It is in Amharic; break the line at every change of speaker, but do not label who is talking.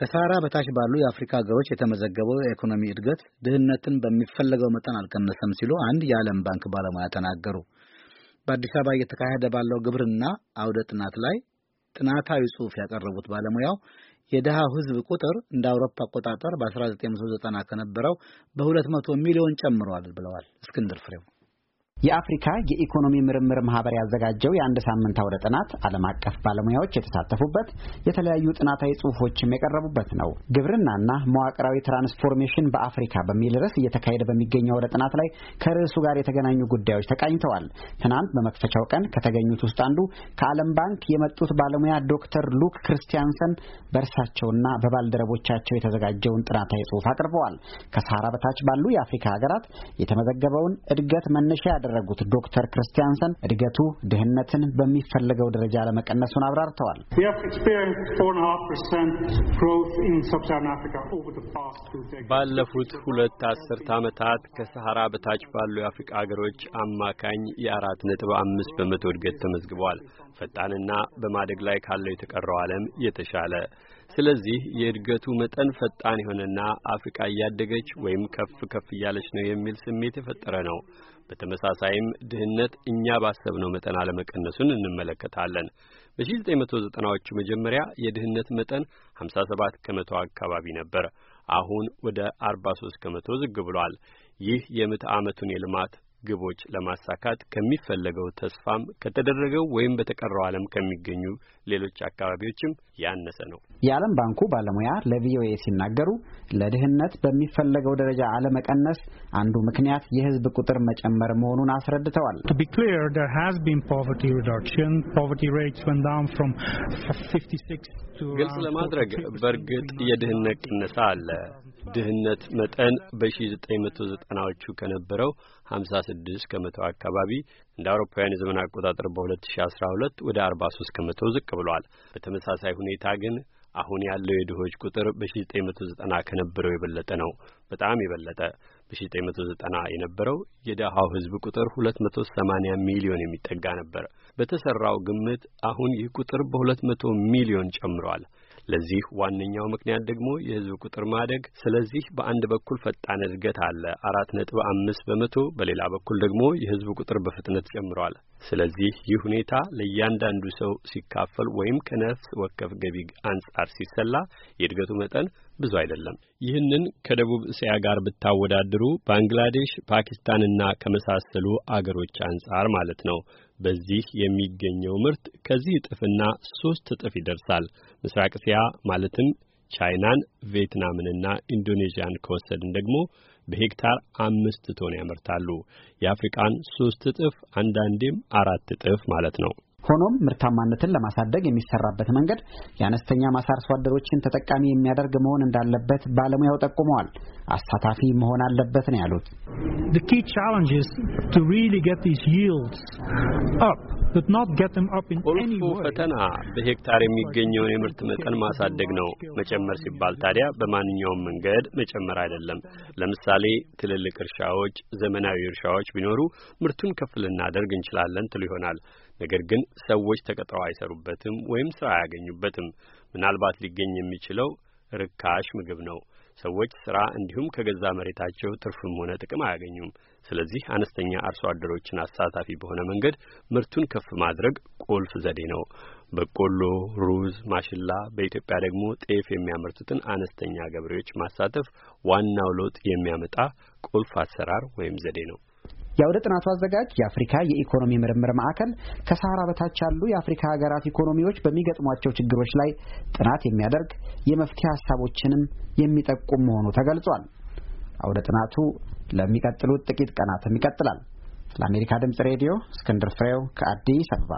ከሰሃራ በታች ባሉ የአፍሪካ ሀገሮች የተመዘገበው የኢኮኖሚ እድገት ድህነትን በሚፈለገው መጠን አልቀነሰም ሲሉ አንድ የዓለም ባንክ ባለሙያ ተናገሩ። በአዲስ አበባ እየተካሄደ ባለው ግብርና አውደ ጥናት ላይ ጥናታዊ ጽሑፍ ያቀረቡት ባለሙያው የድሃው ሕዝብ ቁጥር እንደ አውሮፓ አቆጣጠር በ1990 ከነበረው በ200 ሚሊዮን ጨምሯል ብለዋል። እስክንድር ፍሬው የአፍሪካ የኢኮኖሚ ምርምር ማህበር ያዘጋጀው የአንድ ሳምንት አውደ ጥናት ዓለም አቀፍ ባለሙያዎች የተሳተፉበት የተለያዩ ጥናታዊ ጽሁፎችም የቀረቡበት ነው። ግብርናና መዋቅራዊ ትራንስፎርሜሽን በአፍሪካ በሚል ርዕስ እየተካሄደ በሚገኘው አውደ ጥናት ላይ ከርዕሱ ጋር የተገናኙ ጉዳዮች ተቃኝተዋል። ትናንት በመክፈቻው ቀን ከተገኙት ውስጥ አንዱ ከዓለም ባንክ የመጡት ባለሙያ ዶክተር ሉክ ክርስቲያንሰን በእርሳቸውና በባልደረቦቻቸው የተዘጋጀውን ጥናታዊ ጽሁፍ አቅርበዋል። ከሰሃራ በታች ባሉ የአፍሪካ ሀገራት የተመዘገበውን እድገት መነሻ ያደረጉት ዶክተር ክርስቲያንሰን እድገቱ ድህነትን በሚፈለገው ደረጃ ለመቀነሱን አብራርተዋል።
ባለፉት ሁለት አስርት ዓመታት ከሰሐራ በታች ባሉ የአፍሪቃ ሀገሮች አማካኝ የአራት ነጥብ አምስት በመቶ እድገት ተመዝግቧል። ፈጣንና በማደግ ላይ ካለው የተቀረው ዓለም የተሻለ ስለዚህ የእድገቱ መጠን ፈጣን የሆነና አፍሪካ እያደገች ወይም ከፍ ከፍ እያለች ነው የሚል ስሜት የፈጠረ ነው። በተመሳሳይም ድህነት እኛ ባሰብነው መጠን አለመቀነሱን እንመለከታለን። በ1990ዎቹ መጀመሪያ የድህነት መጠን 57 ከመቶ አካባቢ ነበር። አሁን ወደ 43 ከመቶ ዝግ ብሏል። ይህ የምዕተ ዓመቱን የልማት ግቦች ለማሳካት ከሚፈለገው ተስፋም ከተደረገው ወይም በተቀረው ዓለም ከሚገኙ ሌሎች አካባቢዎችም ያነሰ ነው።
የዓለም ባንኩ ባለሙያ ለቪኦኤ ሲናገሩ ለድህነት በሚፈለገው ደረጃ አለመቀነስ አንዱ ምክንያት የህዝብ ቁጥር መጨመር መሆኑን አስረድተዋል።
ግልጽ ለማድረግ በእርግጥ የድህነት ቅነሳ አለ። ድህነት መጠን በ1990ዎቹ ከነበረው 56 ከመቶ አካባቢ እንደ አውሮፓውያን የዘመን አቆጣጠር በ2012 ወደ 43 ከመቶ ዝቅ ብሏል። በተመሳሳይ ሁኔታ ግን አሁን ያለው የድሆች ቁጥር በ1990 ከነበረው የበለጠ ነው። በጣም የበለጠ። በ1990 የነበረው የደሃው ህዝብ ቁጥር 280 ሚሊዮን የሚጠጋ ነበር። በተሰራው ግምት አሁን ይህ ቁጥር በ200 ሚሊዮን ጨምሯል። ለዚህ ዋነኛው ምክንያት ደግሞ የህዝብ ቁጥር ማደግ። ስለዚህ በአንድ በኩል ፈጣን እድገት አለ አራት ነጥብ አምስት በመቶ፣ በሌላ በኩል ደግሞ የህዝብ ቁጥር በፍጥነት ጨምሯል። ስለዚህ ይህ ሁኔታ ለእያንዳንዱ ሰው ሲካፈል ወይም ከነፍስ ወከፍ ገቢ አንጻር ሲሰላ የእድገቱ መጠን ብዙ አይደለም። ይህንን ከደቡብ እስያ ጋር ብታወዳድሩ ባንግላዴሽ፣ ፓኪስታንና ከመሳሰሉ አገሮች አንጻር ማለት ነው። በዚህ የሚገኘው ምርት ከዚህ እጥፍና ሶስት እጥፍ ይደርሳል። ምስራቅ እስያ ማለትም ቻይናን፣ ቪየትናምንና ኢንዶኔዥያን ከወሰድን ደግሞ በሄክታር አምስት ቶን ያመርታሉ። የአፍሪካን ሶስት እጥፍ አንዳንዴም አራት እጥፍ ማለት ነው።
ሆኖም ምርታማነትን ለማሳደግ የሚሰራበት መንገድ የአነስተኛ ማሳ አርሶ አደሮችን ተጠቃሚ የሚያደርግ መሆን እንዳለበት ባለሙያው ጠቁመዋል። አሳታፊ መሆን አለበት ነው ያሉት።
The key challenge is to really get these yields up. ቁልፉ ፈተና በሄክታር የሚገኘውን የምርት መጠን ማሳደግ ነው። መጨመር ሲባል ታዲያ በማንኛውም መንገድ መጨመር አይደለም። ለምሳሌ ትልልቅ እርሻዎች፣ ዘመናዊ እርሻዎች ቢኖሩ ምርቱን ከፍ ልናደርግ እንችላለን ትሉ ይሆናል። ነገር ግን ሰዎች ተቀጥረው አይሰሩበትም ወይም ስራ አያገኙበትም። ምናልባት ሊገኝ የሚችለው ርካሽ ምግብ ነው። ሰዎች ስራ እንዲሁም ከገዛ መሬታቸው ትርፍም ሆነ ጥቅም አያገኙም። ስለዚህ አነስተኛ አርሶ አደሮችን አሳታፊ በሆነ መንገድ ምርቱን ከፍ ማድረግ ቁልፍ ዘዴ ነው። በቆሎ፣ ሩዝ፣ ማሽላ በኢትዮጵያ ደግሞ ጤፍ የሚያመርቱትን አነስተኛ ገበሬዎች ማሳተፍ ዋናው ለውጥ የሚያመጣ ቁልፍ አሰራር ወይም ዘዴ ነው።
የአውደ ጥናቱ አዘጋጅ የአፍሪካ የኢኮኖሚ ምርምር ማዕከል ከሰሃራ በታች ያሉ የአፍሪካ ሀገራት ኢኮኖሚዎች በሚገጥሟቸው ችግሮች ላይ ጥናት የሚያደርግ የመፍትሄ ሀሳቦችንም የሚጠቁም መሆኑ ተገልጿል። አውደ ጥናቱ ለሚቀጥሉት ጥቂት ቀናትም ይቀጥላል። ለአሜሪካ ድምፅ ሬዲዮ እስክንድር ፍሬው ከአዲስ አበባ